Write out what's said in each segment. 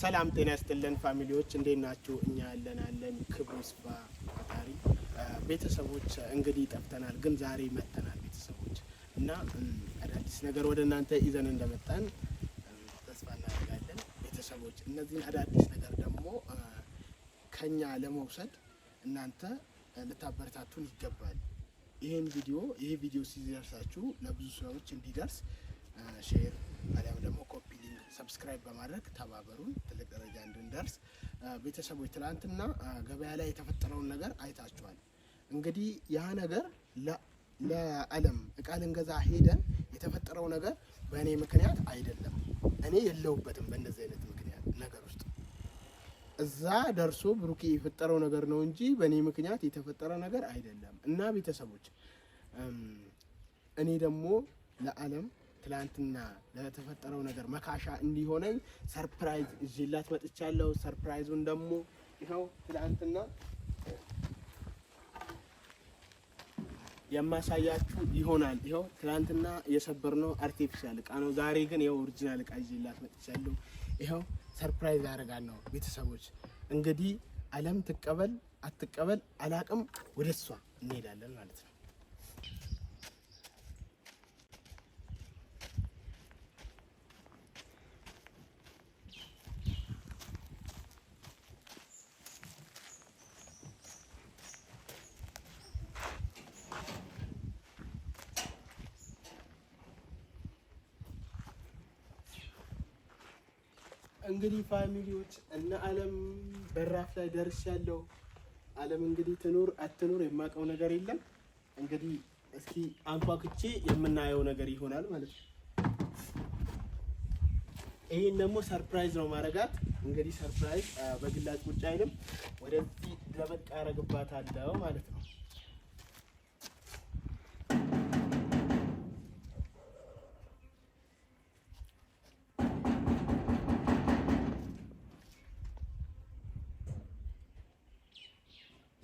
ሰላም ጤና ይስጥልን ፋሚሊዎች፣ እንዴት ናችሁ? እኛ ያለን አለን። ክብሩ ይስፋ ፈጣሪ። ቤተሰቦች እንግዲህ ጠፍተናል፣ ግን ዛሬ መጥተናል ቤተሰቦች እና አዳዲስ ነገር ወደ እናንተ ይዘን እንደመጣን ተስፋ እናደርጋለን ቤተሰቦች። እነዚህን አዳዲስ ነገር ደግሞ ከኛ ለመውሰድ እናንተ ልታበረታቱን ይገባል። ይህን ቪዲዮ ይህ ቪዲዮ ሲደርሳችሁ ለብዙ ሰዎች እንዲደርስ ሼር አሊያም ደግሞ ሰብስክራይብ በማድረግ ተባበሩን፣ ትልቅ ደረጃ እንድንደርስ። ቤተሰቦች ትናንትና ገበያ ላይ የተፈጠረውን ነገር አይታችኋል። እንግዲህ ያ ነገር ለዓለም እቃ ልንገዛ ሄደን የተፈጠረው ነገር በእኔ ምክንያት አይደለም። እኔ የለውበትም በእነዚህ አይነት ምክንያት ነገር ውስጥ እዛ ደርሶ ብሩኪ የፈጠረው ነገር ነው እንጂ በእኔ ምክንያት የተፈጠረ ነገር አይደለም። እና ቤተሰቦች እኔ ደግሞ ለዓለም ትላንትና ለተፈጠረው ነገር መካሻ እንዲሆነኝ ሰርፕራይዝ እዚላት መጥቻለሁ። ሰርፕራይዙን ደግሞ ይኸው ትላንትና የማሳያችሁ ይሆናል። ይኸው ትላንትና የሰበርነው አርቲፊሻል እቃ ነው። ዛሬ ግን ይኸው ኦሪጂናል እቃ ይዤላት መጥቻለሁ። ይኸው ሰርፕራይዝ አደርጋለሁ። ቤተሰቦች እንግዲህ አለም ትቀበል አትቀበል አላቅም፣ ወደ እሷ እንሄዳለን ማለት ነው። እንግዲህ ፋሚሊዎች እነ አለም በራፍ ላይ ደርሻለሁ። አለም እንግዲህ ትኑር አትኑር የማውቀው ነገር የለም። እንግዲህ እስኪ አንኳክቼ የምናየው ነገር ይሆናል ማለት ነው። ይህን ደግሞ ሰርፕራይዝ ነው ማረጋት። እንግዲህ ሰርፕራይዝ በግላጭ ውጭ አይልም። ወደዚህ ደበቅ ያረግባታለሁ ማለት ነው።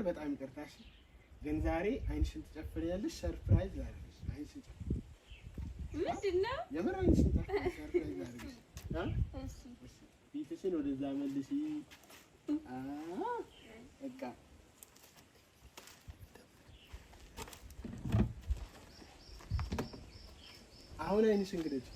ነገር በጣም ይቅርታሽ። ግን ዛሬ አይንሽን ትጨፍሪያለሽ። ሰርፕራይዝ አይንሽን የምር አይንሽን ሰርፕራይዝ አድርግሽ። ፊትሽን ወደዛ መልሽ። በቃ አሁን አይንሽን ግለጪ።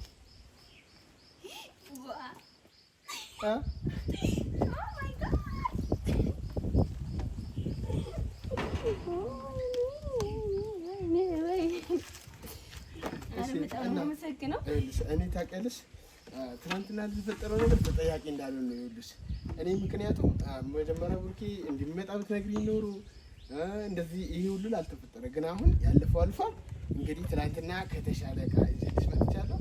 ልክ ነው። እኔ ታውቂያለሽ ትናንትና ልፈጠረው ነገር ተጠያቂ እንዳልሆን ነው። ይኸውልሽ እኔ ምክንያቱም መጀመሪያ ብሩኬ እንዲመጣ ብትነግሪኝ ኖሮ እንደዚህ ይሄ ሁሉ አልተፈጠረ። ግን አሁን ያለፈው አልፏል። እንግዲህ ትናንትና ከተሻለ ዕቃ ይዤልሽ መጥቻለሁ።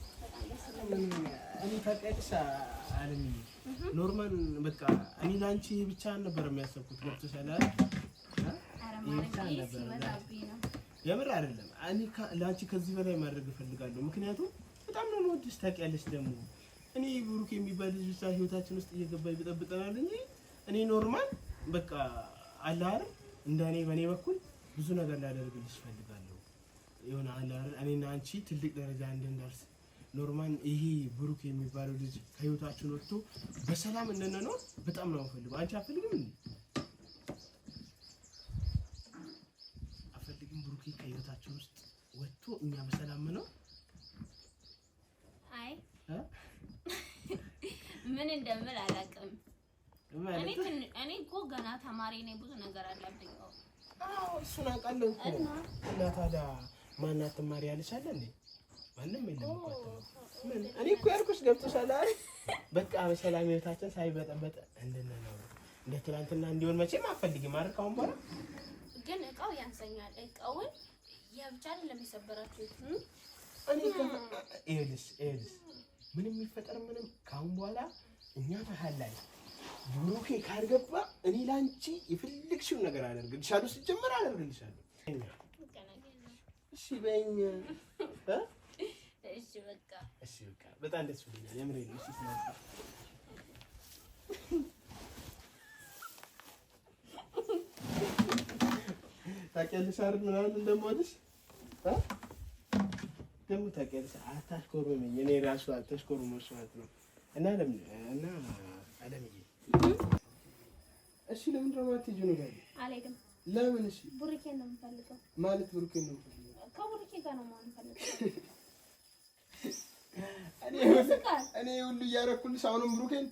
ታውቂያለሽ አለኝ። ኖርማል በቃ እኔ ለአንቺ ብቻ ነበር የሚያሰብኩት። ገብቶሻል የምር አይደለም። እኔ ለአንቺ ከዚህ በላይ ማድረግ እፈልጋለሁ። ምክንያቱም በጣም ነው የምወድሽ ታውቂያለሽ። ደግሞ እኔ ብሩክ የሚባል ልጅ ብቻ ህይወታችን ውስጥ እየገባ ይበጠብጠናል እንጂ እኔ ኖርማል በቃ አለ አይደል? እንደ በእኔ በኩል ብዙ ነገር ላደርግልሽ እፈልጋለሁ። የሆነ አለ አይደል? እኔና አንቺ ትልቅ ደረጃ እንድንደርስ ኖርማን ይሄ ብሩክ የሚባለው ልጅ ከህይወታችን ወጥቶ በሰላም እንድንኖር በጣም ነው የምፈልገው። አንቺ አፈልግም እንዴ? አፈልግም። ብሩክ ከህይወታችን ውስጥ ወጥቶ እኛ በሰላም ነው። አይ ምን እንደምል አላውቅም። እኔ እኮ ገና ተማሪ ነኝ፣ ብዙ ነገር አለብኝ። እሱን አውቃለሁ እና ታዲያ ማናት ትማሪ ያለች አለ እንዴ ማንም የለም። ምን እኔ እኮ ያልኩሽ ገብቶሻል። በቃ በሰላም ህይወታችን ሳይበጠበጥ እንድንኖር እንደ ትናንትና እንዲሆን መቼም አፈልግም። ማድረግ ካሁን በኋላ ግን እቃው ያንሰኛል። እቃውን የብቻ አይደለም ይኸውልሽ ይኸውልሽ ምንም የሚፈጠር ምንም ካሁን በኋላ እኛ መሀል ላይ ብሩኬ ካልገባ እኔ ላንቺ የፈለግሽውን ነገር አደርግልሻለሁ። ሲጀመር አደርግልሻለሁ። እሺ በይኝ እ እሺ በቃ በጣም ደስ ብሎኛል። የምሬን ነው። እሺ ታውቂያለሽ አይደል ምናምን እንደምወድሽ ደግሞ ታውቂያለሽ አታሽኮርምኝ። እኔ እራሱ አታሽኮርምሽዋት ነው እና ለምን እና አለምዬ እሺ ለምንድን ነው የማትሄጂው? ነው ጋር አልሄድም። ለምን? እሺ ብሩኬን ነው የምፈልገው። ማለት ብሩኬን ነው የምፈልገው። ከብሩኬ ጋር ነው የምፈልገው እኔ ሁሉ እያደረኩልሽ አሁንም ብሩኬን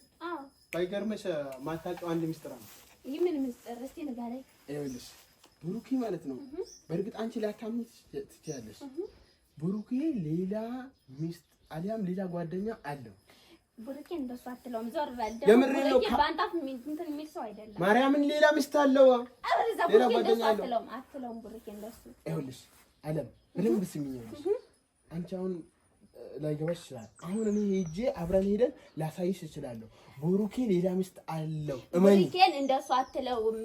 ባይገርምሽ ማታውቂው አንድ ምስጢር ነው። ይህ ምን ምስጢር? እስኪ ንገረኝ። ይኸውልሽ ብሩኬ ማለት ነው። በእርግጥ አንቺ ላታምኚ ትችያለሽ። ብሩኬ ሌላ ሚስት አሊያም ሌላ ጓደኛ አለው። ብሩኬ እንደሱ አትለውም። ዞር በል። የምሬ ነው። ባንታፍ እንትን የሚል ሰው አይደለም። ማርያምን ሌላ ሚስት አለው፣ ሌላ ጓደኛ አለው። አትለውም። ብሩኬ እንደሱ ይኸውልሽ፣ አለም ምንም ብስሚኝ። አንቺ አሁን ላይገባሽ ይችላል። አሁን እኔ ሄጄ አብረን ሄደን ላሳይሽ እችላለሁ። ቡሩኬ ሌላ ሚስት አለው። ቡሩኬን እንደሱ አትለውም።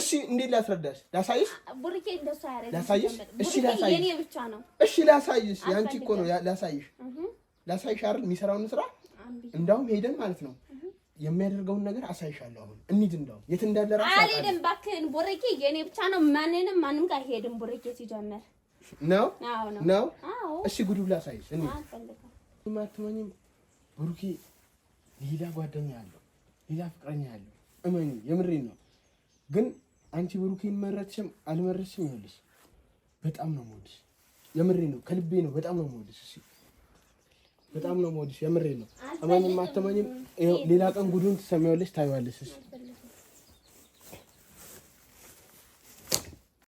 እሺ እንዴት ላስረዳሽ? ላሳይሽ? ቡሩኬ እንደሱ አያረግም። ላሳይሽ? እሺ ላሳይሽ። የኔ ብቻ ነው። እሺ ላሳይሽ። ያንቺ እኮ ነው። ላሳይሽ ላሳይሽ አይደል? የሚሰራውን ስራ እንዳውም ሄደን ማለት ነው የሚያደርገውን ነገር አሳይሻለሁ። አሁን እንሂድ። እንዳውም የት እንዳለ ራሱ አልሄድም። እባክህን ቡሩኬ የኔ ብቻ ነው። ማንንም ማንም ጋር ሄድም ቡሩኬ ሲጀመር ነው ነው። እሺ ጉድ ብላ ሳይሽ እኔ አትመኝም። ብሩኬ ሌላ ጓደኛ አለው፣ ሌላ ፍቅረኛ አለው። እመኝ የምሬን ነው። ግን አንቺ ብሩኬን መረጥሽም አልመረጥሽም ይኸውልሽ፣ በጣም ነው የምወድሽ። የምሬን ነው፣ ከልቤ ነው። በጣም ነው የምወድሽ። እሺ በጣም ነው የምወድሽ። የምሬን ነው። እመኝም አትመኝም፣ ሌላ ቀን ጉዱን ትሰሚዋለሽ፣ ታይዋለሽ። እሺ